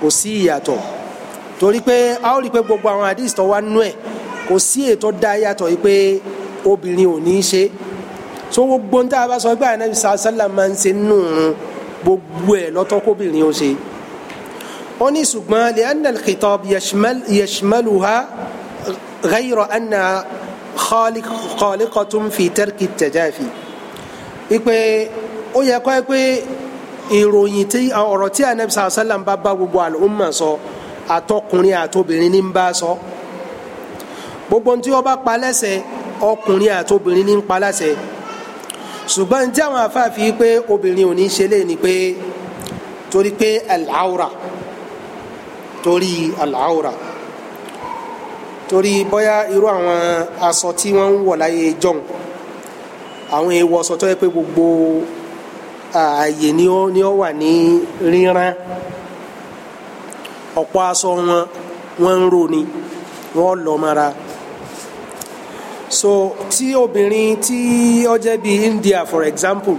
kò sí ìyàtọ̀ torí pé a ó rí i pé gbogbo àwọn hadith tó wà nú ẹ̀ kò sí ètò dá yìí pé obìnrin ò ní í ṣe so gbogbo ń tá a bá sọ pé ànábi sàlá máa ń ṣe nù ún gbogbo ẹ̀ lọ́tọ̀ kóbìnrin ó ṣe ó ní ṣùgbọ́n li'anna al-khitab yashmaluha ghayra anna khaliqatun fi tarki at-tajafi ipe ó yẹ kọ́ ẹ pé ìròyìn tí ọ̀rọ̀ tí ànábi sàlá ń bá bá gbogbo àlùmọ̀ sọ. So, àtọkùnrin àtobìnrin ní ń bá sọ gbogbo tí ó bá pa láṣẹ ọkùnrin àtobìnrin ní ń pa láṣẹ ṣùgbọ́n tí àwọn afáàfin pé obìnrin ò ní ṣe lé ni pé torí pé al-awra torí al-awra torí bóyá irú àwọn aṣọ tí wọ́n ń wọ̀ láyé jọ̀hún àwọn èèwọ̀ aṣọ yẹ pé gbogbo ààyè ni ó wà ní rírán ọ̀pọ̀ aṣọ wọn wọ́n ń ro ni wọ́n lọ mara so tí obìnrin tí ó jẹ́ bíi India for example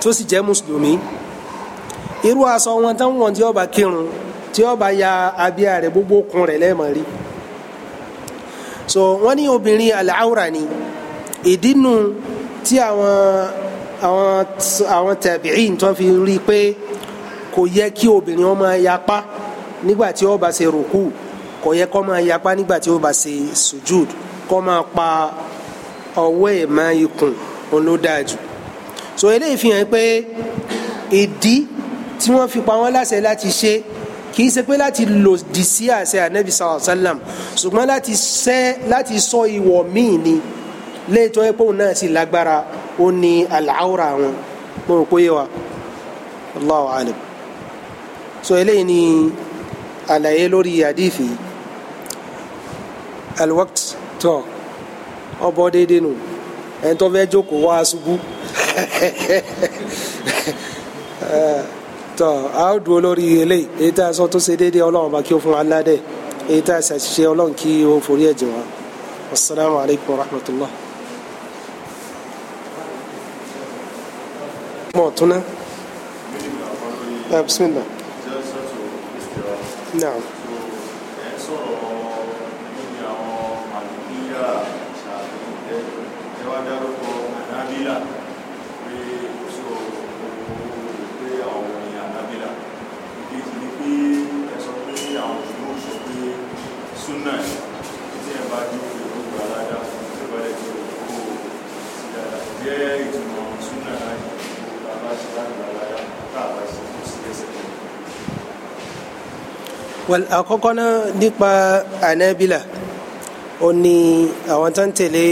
tó sì jẹ́ mùsùlùmí irú aṣọ wọn tán wọn tí ó kírun tí ó ya abíyá rẹ̀ gbogbo kun rẹ̀ lẹ́ẹ̀mọ̀ rí so wọ́n ní obìnrin aláwòrán ni ìdínú tí àwọn àwọn àwọn tàbíìn tó fi rí i pé kò yẹ kí obìnrin ó yapa nígbà tí ó bá ṣe rùkú kò yẹ kó máa yapa nígbà tí ó ṣe sujud kó máa pa ọwọ́ ẹ̀ mọ́ ikùn òun ló dáa jù so eléyìí fi hàn pé ìdí tí wọ́n fi pa wọ́n láṣẹ láti ṣe kì í ṣe pé láti lòdì sí àṣẹ anabi sallallahu alayhi wa sallam ṣùgbọ́n láti ṣe láti sọ ìwọ̀ míì ni léètọ́ epo náà sì lágbára ó ní àlàáwòrán wọn mo rò pé yé wa Allahu alim so eléyìí ni àlàyé lórí àdìfì alwakt tọ ọbọ déédéé nù ẹni tó fẹ́ jókòó wá aṣubú tọ a ó dúró lórí eléyìí èyí tá a sọ tó ṣe déédéé ọlọ́run bá kí ó fún wa ládẹ́ èyí tá a ṣàṣìṣe ọlọ́run kí ó forí ẹ̀jẹ̀ wa wasalaamu alaykum wa rahmatulah. mọ̀ tún náà eh, bisimilah náà ẹ sọ̀rọ̀ níbi àwọn màlúbíyà ṣàbíyẹ ẹ wá dárúkọ ànábìlà pé ó sọ owó pé àwọn òní ànábìlà ìkejì ni pé ẹ sọ pé àwọn òṣèlú sọ pé súnà tí ẹ bá dé òkè ló gba aládá tí ó bá lè jẹ òkú sí dáadáa jẹ́ ìtumọ̀ súnà a well àkọ́kọ́ náà nípa anabila ó ní àwọn tó ń tẹ̀lé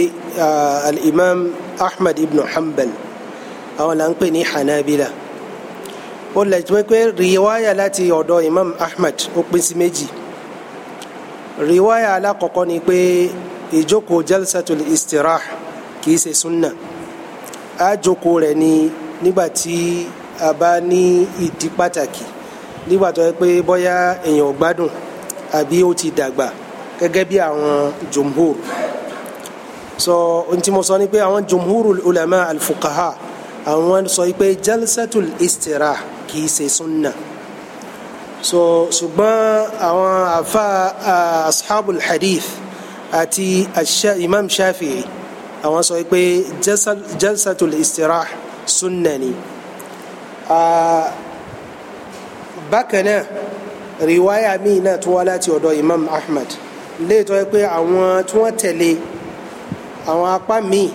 al-imam ahmed ibn hanbal àwọn là ń pè ní hanabila ó lè jẹ́ pé riwaya láti ọ̀dọ̀ imam ahmed ó pín sí méjì riwaya alákọ̀ọ́kọ́ ni pé ìjókòó jalsatul istirah kìí ṣe sunna àjókòó rẹ̀ ni nígbà tí a bá ní ìdí pàtàkì nígbà tó yẹ pé bóyá èèyàn ò gbádùn àbí ó ti dàgbà gẹ́gẹ́ bí àwọn jumhur so ohun tí mo sọ ni pé àwọn jumhurul ulama al-fuqaha àwọn sọ pé jalsatul istirah kì í ṣe sunna so ṣùgbọ́n àwọn afa ashabul hadith àti imam shafi'i àwọn sọ pé jalsatul istirah sunna ni bákan náà riwaya míì náà tó wá láti ọ̀dọ̀ Imam Ahmad léètọ́ pé àwọn tí wọ́n tẹ̀lé àwọn apá míì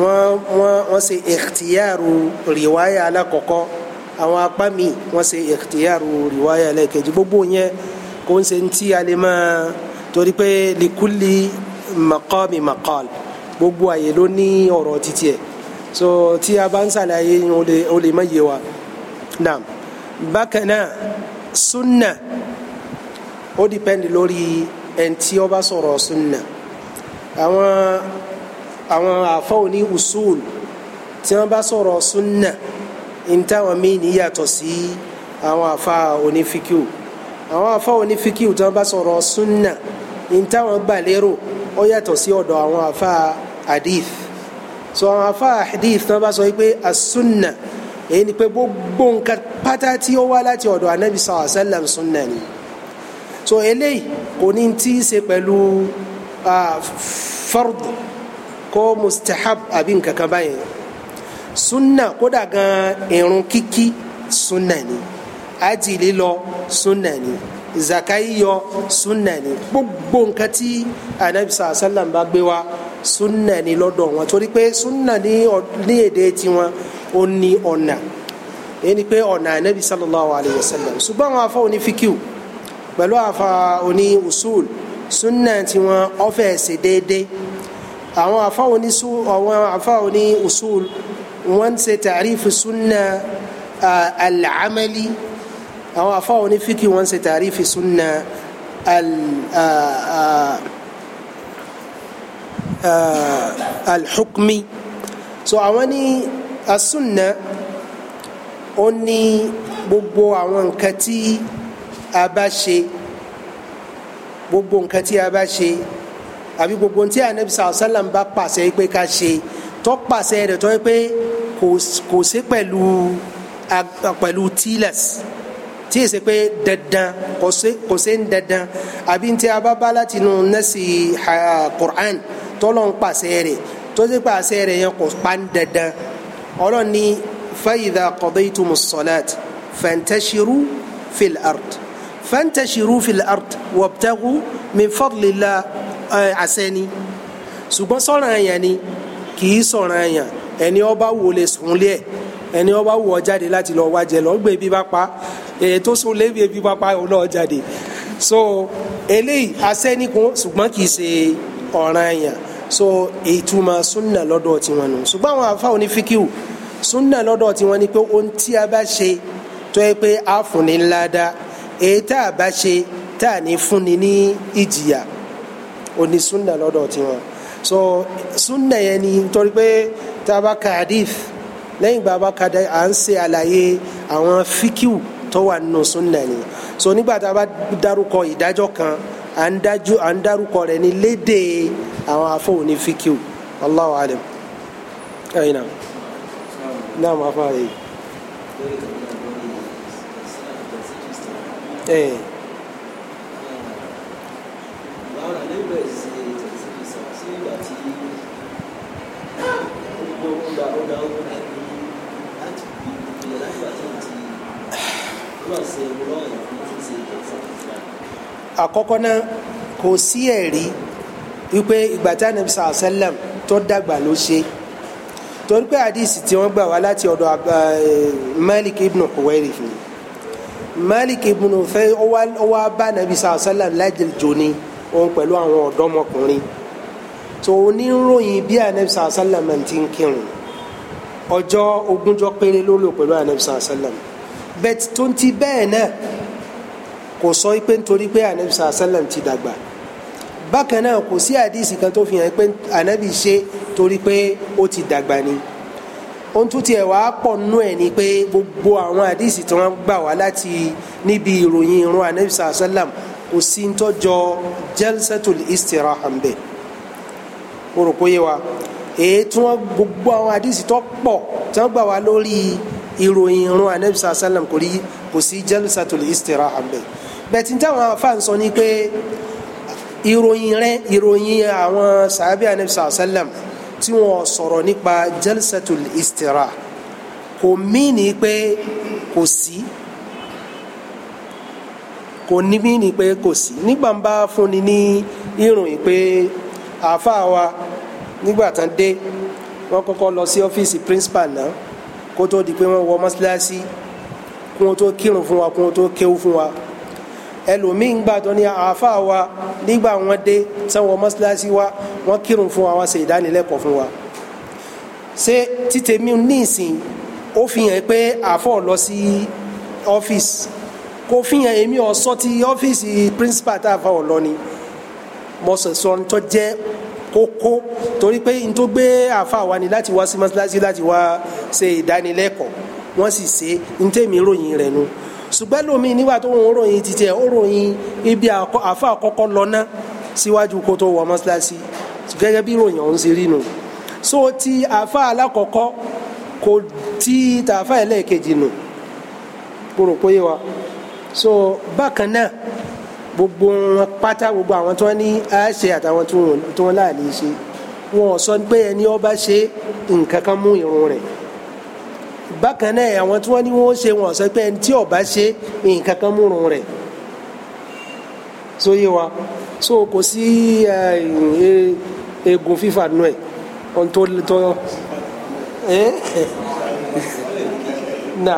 wọ́n wọ́n wọ́n ṣe ikhtiyaru riwaya alákọ̀ọ́kọ́ àwọn apá míì wọ́n ṣe ikhtiyaru riwaya alákejì gbogbo yẹn kò ń ṣe ń tí a lè máa torí pé likulli maqami maqal gbogbo àyè ló ní ọ̀rọ̀ títí ẹ̀ so tí a bá ń ṣàlàyé o lè má yé wa naam bákan náà sunna ó dìpẹ́ndì lórí ẹni tí ó bá sọ̀rọ̀ sunna àwọn àwọn àfọwò ní usul tí wọ́n bá sọ̀rọ̀ sunna ní táwọn míì níyàtọ̀ sí àwọn àfa onífíkìú àwọn àfa onífíkìú tí wọ́n bá sọ̀rọ̀ sunna ní táwọn gbà lérò ó yàtọ̀ sí ọ̀dọ̀ àwọn àfa hadith so àwọn àfa hadith tí wọ́n bá sọ wípé as èyí ni pé gbogbo nǹkan pátá tí ó wá láti ọ̀dọ̀ anabi sallallahu alaihi wasallam ni so eléyìí kò ní tí í ṣe pẹ̀lú fard kó mustahab àbí nǹkan kan báyìí sunna kódà gan irun kíkí sunna ni àjì lílọ sunna ni zakai yọ sunna ni gbogbo nǹkan tí anabi sallallahu alaihi bá gbé wa sunna ni lọ́dọ̀ wọn torí pé sunna ní èdè tiwọn ó ní ọ̀nà ẹni pé ọ̀nà anabi sallallahu alayhi wa sallam ṣùgbọ́n àwọn afa oní fikiu pẹ̀lú afa oní usul sunna tiwọn ọfẹ́ ṣe déédéé àwọn afa oní àwọn afa oní usul wọ́n ṣe tàrífù sunna al-amali àwọn afa oní fikiu wọ́n ṣe tàrífù sunna al-hukmi so àwọn ní asúnà ó ní gbogbo àwọn nǹkan tí a bá ṣe gbogbo nǹkan tí a bá ṣe àbí gbogbo tí anabi sàlọ sàlám bá pàṣẹ pé ká ṣe tó pàṣẹ rẹ̀ tó yẹ pé kò sí pẹ̀lú pẹ̀lú tilas tí yẹ ṣe pé dandan kò sí ń dandan àbí tí a bá bá láti nu nẹ́sì Qur'an tọ́lọ́ ń pàṣẹ rẹ̀ tó ṣe pàṣẹ rẹ̀ yẹn kò pa dandan ọlọ́run ní fayidà kọ́dẹ́tùmù sọ́láàt fẹ̀ǹtẹ́sirú fìl ard fẹ̀ǹtẹ́sirú fìl ard wọ̀btẹ́kù min fọ́dùlélà àṣẹni ṣùgbọ́n sọ̀rọ̀ ẹ̀yàn ni kì í sọ̀rọ̀ ẹ̀yàn ẹni ọba wo lè sùn lé ẹ̀ ẹni ọba wọ jáde láti lọ wájẹ lọ gbé bí bá pa èyí tó sùn lé bí bá pa ọ lọ jáde so eléyìí asẹ́nìkún ṣùgbọ́n kì í ṣe ọ̀ranyàn so ìtumọ̀ súnà lọ́dọ̀ tiwọn nù ṣùgbọ́n àwọn àfa onífíkìwù sunna lọ́dọ̀ tiwọn ni pé ohun tí a bá ṣe tó yẹ pé a fún ni ńláda èyí tá a bá ṣe tá a ní fún ni ní ìjìyà ó ní sunna lọ́dọ̀ tiwọn so sunna yẹn ni torí pé tá a bá ka hadith lẹ́yìn ìgbà bá ka à ń ṣe àlàyé àwọn fíkìw tó wà nínú sunna ni so nígbà tá a bá dárúkọ ìdájọ́ kan à ń dárúkọ rẹ̀ ní lédè àwọn afọ òní fíkìw Allahu alam ẹ̀yin náà. Naam afa yìí. Eh. Ee. Eh. àkọ́kọ́ náà kò sí ẹ̀rí wípé ìgbà tí Ànábì sallallahu alaihi wasallam tó dàgbà ló ṣe é torí pé hadith tí wọ́n gbà wá láti ọ̀dọ̀ eh, Malik ibn Huwayrith ni Malik ibn fẹ́ ó wá bá Nabi sallallahu alaihi wasallam lájẹjọ ni òun pẹ̀lú àwọn ọ̀dọ́mọkùnrin tó oníròyìn bí Anabi sallallahu alaihi wasallam ti ń kírun ọjọ́ ogúnjọ́ péré ló lò pẹ̀lú Anabi sallallahu alaihi wasallam bẹ́ẹ̀ tó ń ti bẹ́ẹ̀ náà kò sọ pé nítorí pé Anabi sallallahu ti dàgbà bákan náà kò sí àdìsí kan tó fi hàn pé ànábì ṣe torí pé ó ti dàgbà ni ohun tó tiẹ̀ wá pọ̀ nínú ẹ̀ ni pé gbogbo àwọn àdìsí tí wọ́n gbà wá láti níbi ìròyìn irun ànábì sàlám kò sí ń tọ́jọ jalsatul istiraha ń bẹ̀ rò pé yé wa èyí tí wọ́n gbogbo àwọn àdìsí tó pọ̀ tí wọ́n gbà wá lórí ìròyìn irun anabi sàlá sàlám kò sí jalsatul istiraha ń bẹ̀ bẹ̀tí táwọn afáàn sọ ni pé ìròyìn rẹ̀ ìròyìn àwọn sàábì anabi sàlẹm tí wọ́n sọ̀rọ̀ nípa jalsatul istira kò míìnì pé kò sí kò ní míìnì pé kò sí nígbà ń bá fúnni ní ìròyìn pé àáfàá wa nígbà tán dé wọ́n kọ́kọ́ lọ sí ọ́fíìsì principal náà kó tó di pé wọ́n wọ mọ́ṣáláṣí kó tó kírun fún wa kó tó kéwú fún wa ẹlòmíín gbà tó ní àáfà wa nígbà wọn dé sanwó mọ́ṣáláṣí wa wọ́n kírun fún wa wọ́n ṣe ìdánilẹ́kọ̀ọ́ fún wa ṣé títẹ̀mí ní ìsìn ó fi hàn pé àáfọ̀ lọ sí ọ́fíìsì kò fi hàn èmi ọ̀sán ti ọ́fíìsì principal tá a fa ọ̀lọ́ ni mo sọ̀sọ́ tó jẹ́ kókó torí pé n tó gbé àáfà wa ni láti wá sí mọ́ṣáláṣí láti wá ṣe ìdánilẹ́kọ̀ọ́ wọ́n sì ṣe n tẹ̀mí ròyìn rẹ̀ nu. No ṣùgbọ́n lómi nígbà tó ń ròyìn títí ẹ̀ ó ròyìn ibi àfa àkọ́kọ́ lọ́nà síwájú kó tó wọ mọ́ṣáláṣí gẹ́gẹ́ bí ròyìn ọ̀hún ṣe rí nù so ti àfa alákọ̀ọ́kọ́ kò tí tààfà ẹlẹ́ẹ̀kejì nù mo rò wa so bákan náà gbogbo wọn pátá gbogbo àwọn tí wọn ní àṣẹ àtàwọn tí wọn láàlè ṣe wọn ò sọ pé ẹni ọba ṣe nǹkan kan mú irun rẹ̀ bákan náà àwọn tí wọ́n ní wọ́n ṣe wọ́n sọ pé ẹni tí ó bá ṣe nǹkan kan múrun rẹ̀ sóyè wa so kò sí eh, eh, egun fífà nù ẹ̀ ohun tó tó ẹ́ nà.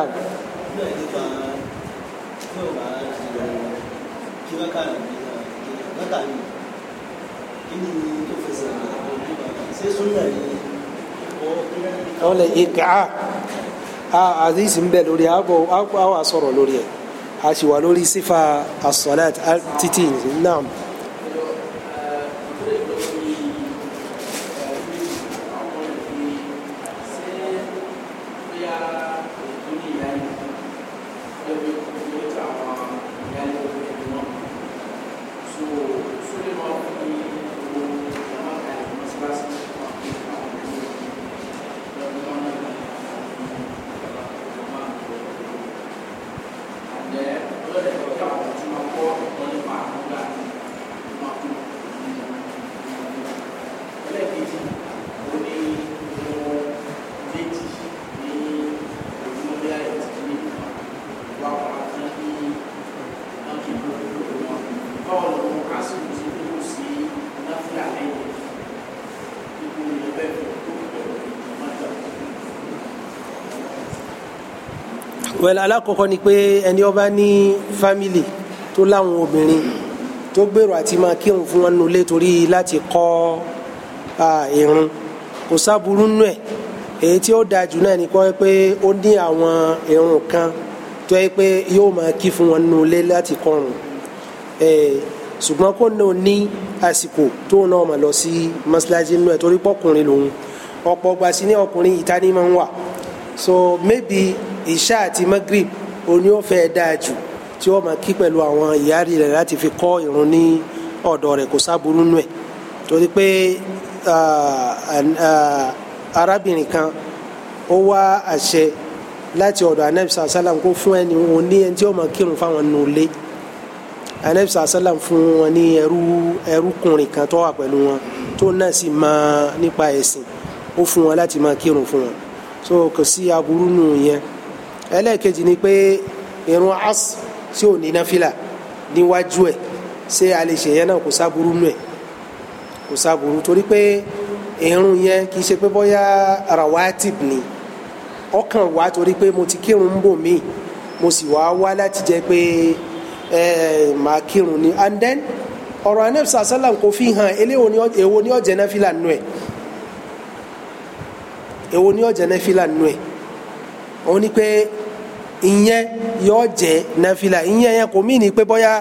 ọ̀lẹ̀ ìkà àdìsí ń bẹ lórí àbọ̀ àwọn àsọ̀rọ̀ lórí ẹ̀ a sì wà lórí sífà as-salat títí 这个叫金毛波，我是买的，嗯，那毕竟。wẹ́lẹ̀ alákọ̀ọ́kọ́ ni pé ẹni ó bá ní fámìlì tó láwọn obìnrin tó gbèrò àti máa kírun fún wọn nulẹ̀ torí láti kọ́ irun kò sábúrú nù ẹ̀ èyí tí ó da jù náà ni kọ́ pé ó ní àwọn irun kan tó yẹ pé yóò máa kí fún wọn nulẹ̀ láti kọrun ṣùgbọ́n kó náà ní àsìkò tó náà mà lọ sí mọ́ṣáláṣí nù ẹ̀ torí pọ́kùnrin lòun ọ̀pọ̀ ọgbà ní ọkùnrin ìta máa ń wà so maybe ìṣá àti magrib oní ó fẹ́ dáa jù tí ó máa kí pẹ̀lú àwọn ìyáàrí rẹ̀ láti fi kọ́ ìrun ní ọ̀dọ̀ rẹ̀ kò sábúrú nù ẹ̀ torí pé arábìnrin kan ó wá àṣẹ láti ọ̀dọ̀ anabisa asalam kó fún ẹni wọn ní ẹni tí ó máa kírun fáwọn nulẹ̀ anabisa asalam fún wọn ní ẹrú ẹrúkùnrin kan tó wà pẹ̀lú wọn tó náà sì máa nípa ẹ̀sìn ó fún wọn láti máa kírun fún wọn so kò sí aburú nù yẹn ẹlẹ́ẹ̀kejì ni pé irun asr tí ò ní náfìlà níwájú ẹ̀ ṣé a lè ṣèyẹn náà kò sáburú nù ẹ̀ kò sáburú torí pé irun yẹn kì í ṣe pé bóyá rawatib ni ọkàn wá torí pé mo ti kírun ń bò míì mo sì wá wá láti jẹ pé ẹ máa kírun ni and then ọ̀rọ̀ anẹ́bísà sálàm kò fi hàn eléwo ni èwo ni ọ̀jẹ̀ náfìlà nù ẹ̀ èwo ni ọ̀jẹ̀ náfìlà nù ẹ̀ òun ni pé ìyẹn yọ jẹ́ nàfìlà ìyẹn yẹn kò mí ní pé bọ́yá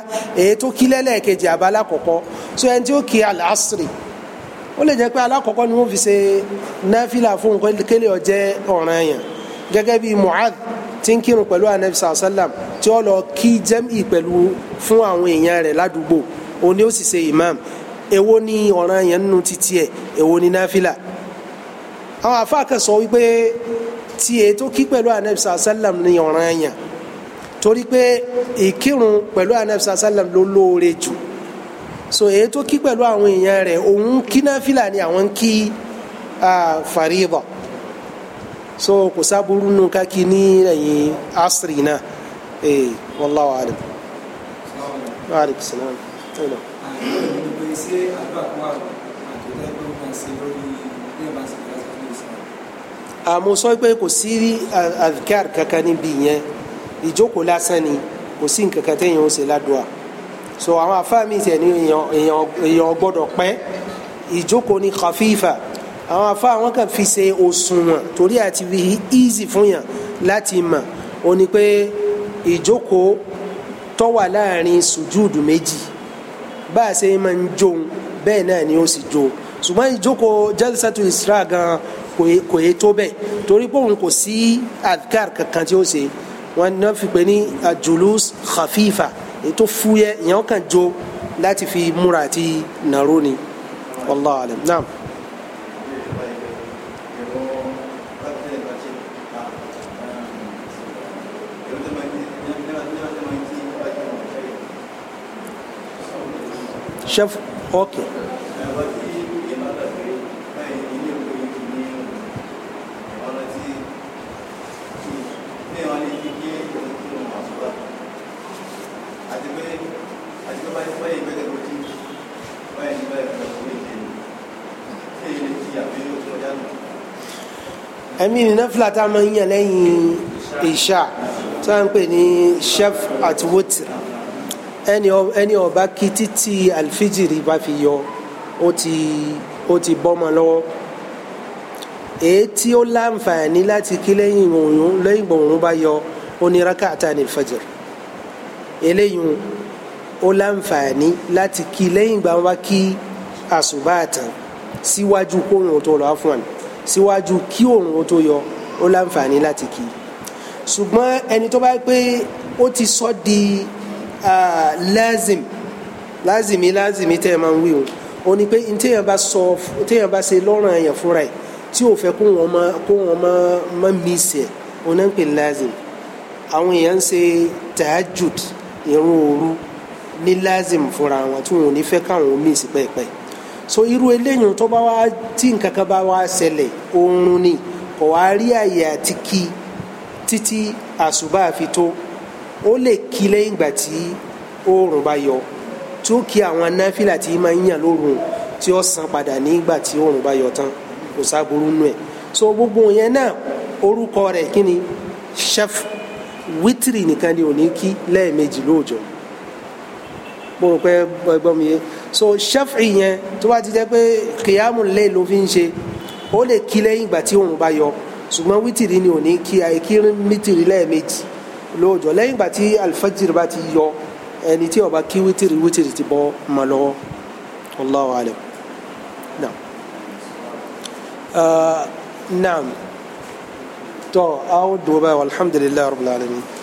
èyí tó kí lẹ́lẹ́kejì àbálá kọ̀kọ́ so ẹni tí ó kí alásìrì ó lè jẹ́ pé alákọ̀ọ́kọ́ ni wọ́n fi ṣe náfìlà fún kéle ọ̀jẹ́ ọ̀ràn yẹn gẹ́gẹ́ bí Mu'adh tí ń kírun pẹ̀lú anabi sàlám tí ó lọ kí jẹ́mì pẹ̀lú fún àwọn èèyàn rẹ̀ ládùúgbò òní ó sì ṣe imam èwo ni ọ̀ràn yẹn nínú títí ẹ̀ èwo ni náfìlà àwọn àfáà kan wípé tiẹ̀ e tó kí pẹ̀lú anabi sàlám ní ọ̀ràn yẹn torí pé ìkírun pẹ̀lú anabi sàlám ló lóore jù so èyí tó kí pẹ̀lú àwọn èèyàn rẹ̀ òun kí náfìlà ni àwọn kí fàríbà so kò sábúrú nù ká kí ní ẹ̀yìn asiri náà ee eh, wallahu alim. wa alaykum salaam. àmọ́ sọ pé kò sí adhkar kankan níbi yẹn ìjókòó lásán ni kò sí nǹkan kan téèyàn ó ṣe ládùúà so àwọn afáàmì tẹ̀ ní èèyàn gbọ́dọ̀ pẹ́ ìjókòó ní khafifa àwọn afáà wọn kàn fi ṣe òṣùwọ̀n torí àti fi easy fún yàn láti mọ̀ ó ní pé ìjókòó tó wà láàrin sùjúùdù méjì bá a ṣe máa ń jó bẹ́ẹ̀ náà ni ó sì jó ṣùgbọ́n ìjókòó jalsatul isra gan-an kò yẹ tó bẹ́ẹ̀ torí pé òun kò sí adkar kankan tí ó ṣe wọn náà fi pè ní julus khafifa ètò fúyẹ́ ìyẹn kan jó láti fi múra àti nàró ni wallahu alam naam. Chef, okay. ẹ̀mí ni náfìlà tá a máa ń yàn lẹ́yìn ìṣá tí wọ́n ń pè ní chef at water ẹni ọba kí títí alfijiri bá fi yọ ó ti ó ti bọ́mọ lọ́wọ́ èyí tí ó láǹfààní láti kí lẹ́yìn òòrùn lẹ́yìn òòrùn bá yọ ó ní rákàtà ní fajr eléyìí ó láǹfààní láti kí lẹ́yìn ìgbà wọn bá kí àsùbá àtàn síwájú kóòrùn tó lọ́ọ́ fún àná síwájú kí òòrùn ó tó yọ ó láǹfààní láti kí ṣùgbọ́n ẹni tó bá pé ó ti sọ di lazim lazimi lazimi tẹ́ ẹ máa ń wí o ó ní pé téèyàn bá sọ téèyàn bá ṣe lọ́rùn ẹ̀yàn fúnra ẹ̀ tí ò fẹ́ kó wọn máa kó wọn máa mísì ẹ̀ òun náà ń pè lazim àwọn èèyàn ń ṣe tahajud ìrun òru ní lazim fúnra wọn tí wọn ò ní fẹ́ káwọn mísì pẹ́ẹ́pẹ́ẹ́ so irú eléyìí tó bá wá tí nǹkan kan bá wá ṣẹlẹ̀ oorun ni kò wá rí àyè àti kí títí àṣùbà fi tó ó lè kí lẹ́yìn ìgbà tí oorun bá yọ tí ó kí àwọn anáfìlà tí máa ń yàn lóorun tí ó san padà nígbà tí oorun bá yọ tán kò sáburú nù ẹ̀ so gbogbo yẹn náà orúkọ rẹ̀ kí ni chef wítìrì nìkan ni ò ní kí lẹ́ẹ̀mejì lóòjọ́ mo rò pé ẹgbọ́n mi yẹn so ṣẹ́fì yẹn tó bá ti jẹ́ pé kìyàmù lẹ́yìn ló fi ń ṣe ó lè kí lẹ́yìn ìgbà tí òun bá yọ ṣùgbọ́n wítìrì ni ò ní kí àìkírí mítìrì lẹ́ẹ̀mejì lóòjọ́ lẹ́yìn ìgbà tí alifajiri bá ti yọ ẹni tí ó bá kí wítìrì wítìrì ti bọ́ ọmọ lọ́wọ́ Allahu alam naam uh, naam tó àwọn dùn alhamdulilayi rabbil alamin.